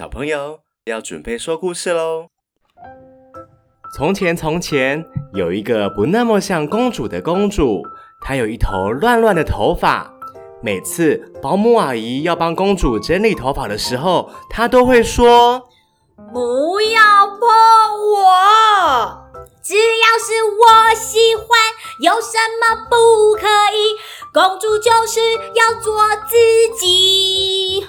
小朋友要準備說故事嘍。從前從前，有一個不那麼像公主的公主，她有一頭亂亂的頭髮。每次保姆阿姨要幫公主整理頭髮的時候，她都會說：“不要碰我！只要是我喜歡，有什麼不可以？公主就是要做自己。”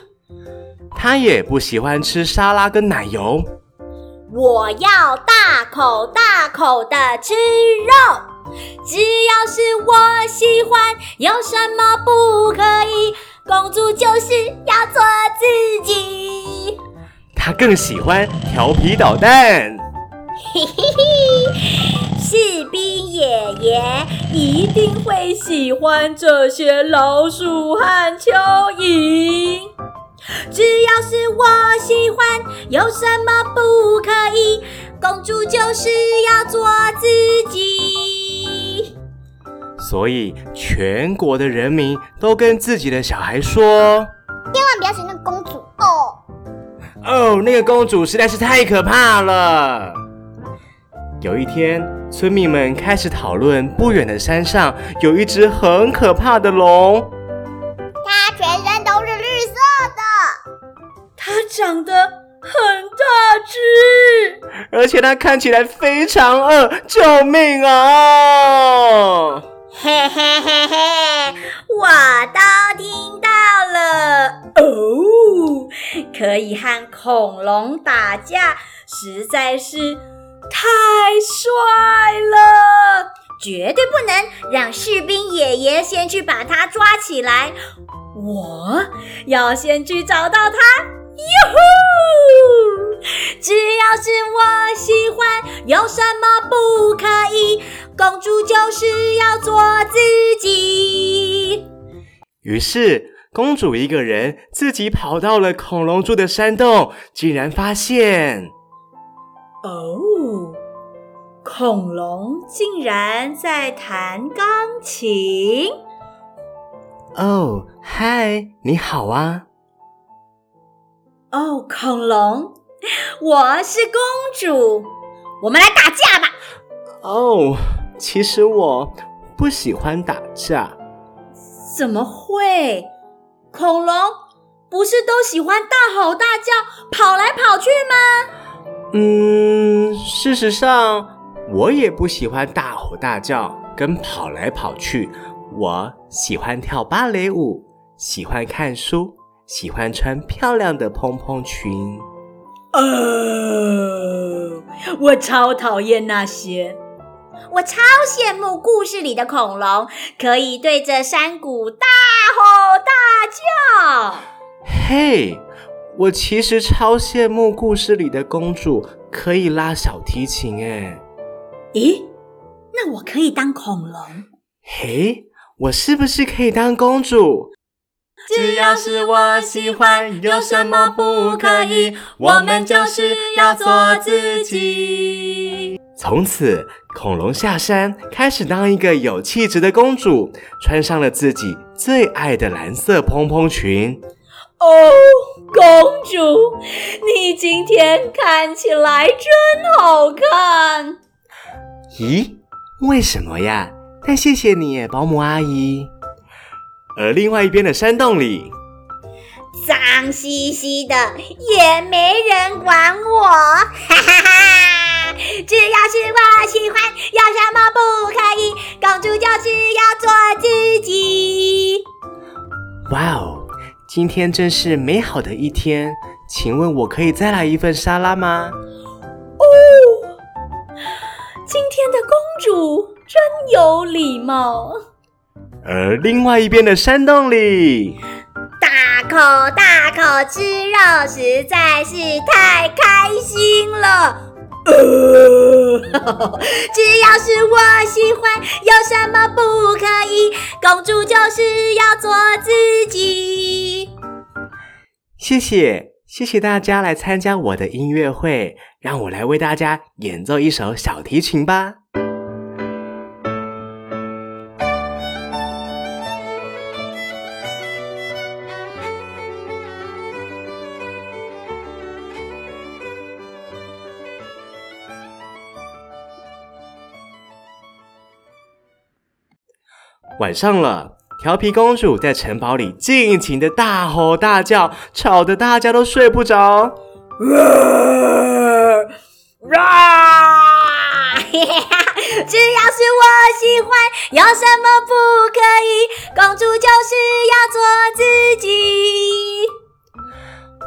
他也不喜歡吃沙拉跟奶油。我要大口大口的吃肉，只要是我喜歡，有什麼不可以？公主就是要做自己。他更喜歡調皮搗蛋。嘿嘿嘿，士兵爺爺一定會喜歡這些老鼠和蚯蚓。只要是我喜歡，有什麼不可以？公主就是要做自己。所以全國的人民都跟自己的小孩說，千萬不要選那個公主哦。哦，那個公主實在是太可怕了。有一天，村民們開始討論，不遠的山上有一隻很可怕的龍，它覺得。長得很大隻，而且他看起來非常餓，救命啊！嘿嘿嘿嘿，我都聽到了哦，oh, 可以和恐龍打架，實在是太帥了，絕對不能讓士兵爺爺先去把他抓起來，我要先去找到他。喲呼！Uh、只要是我喜歡，有什麼不可以？公主就是要做自己。於是，公主一個人自己跑到了恐龍住的山洞，竟然發現，哦，oh, 恐龍竟然在彈鋼琴。哦，嗨，你好啊。哦，oh, 恐龍，我是公主，我們來打架吧。哦，oh, 其實我不喜歡打架。怎麼會？恐龍不是都喜歡大吼大叫、跑來跑去嗎？嗯，事實上，我也不喜歡大吼大叫跟跑來跑去。我喜歡跳芭蕾舞，喜歡看書。喜歡穿漂亮的蓬蓬裙，呃，我超討厭那些。我超羨慕故事裡的恐龍，可以對着山谷大吼大叫。嘿，hey, 我其實超羨慕故事裡的公主，可以拉小提琴耶。哎，咦，那我可以當恐龍？嘿，hey, 我是不是可以當公主？只要是我喜歡，有什麼不可以？我們就是要做自己。從此，恐龍下山開始當一個有氣質的公主，穿上了自己最愛的藍色蓬蓬裙。哦，公主，你今天看起來真好看。咦，為什麼呀？那謝謝你，保姆阿姨。而另外一邊的山洞裡，髒兮兮的，也沒人管我，哈哈哈哈！只要是我喜歡，有什麼不可以？公主就是要做自己。哇哦，今天真是美好的一天，請問我可以再來一份沙拉嗎？哦，今天的公主真有禮貌。而另外一邊的山洞裡，大口大口吃肉實在是太開心了。呃呵呵，只要是我喜歡，有什麼不可以？公主就是要做自己。謝謝，謝謝大家來參加我的音樂會，讓我來為大家演奏一首小提琴吧。晚上了，調皮公主在城堡裡盡情的大吼大叫，吵得大家都睡不着。 只要是我喜歡，有什麼不可以？公主就是要做自己。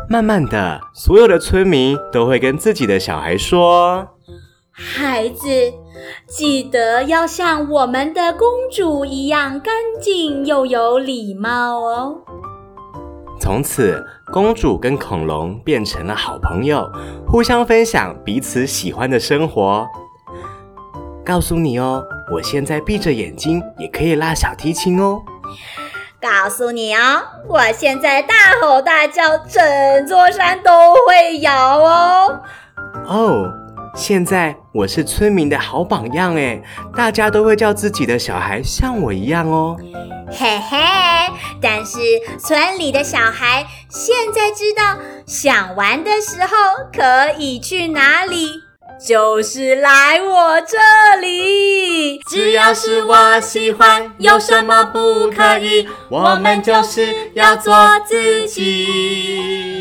慢慢的，所有的村民都會跟自己的小孩說。孩子，記得要像我們的公主一樣乾淨又有禮貌哦。從此，公主跟恐龍變成了好朋友，互相分享彼此喜歡的生活。告訴你哦，我現在閉着眼睛也可以拉小提琴哦。告訴你哦，我現在大吼大叫，整座山都會搖哦。哦。Oh. 現在我是村民的好榜樣欸，大家都會叫自己的小孩像我一樣哦。嘿嘿，但是村裡的小孩現在知道，想玩的時候可以去哪裡，就是來我這裡。只要是我喜歡，有什麼不可以？我們就是要做自己。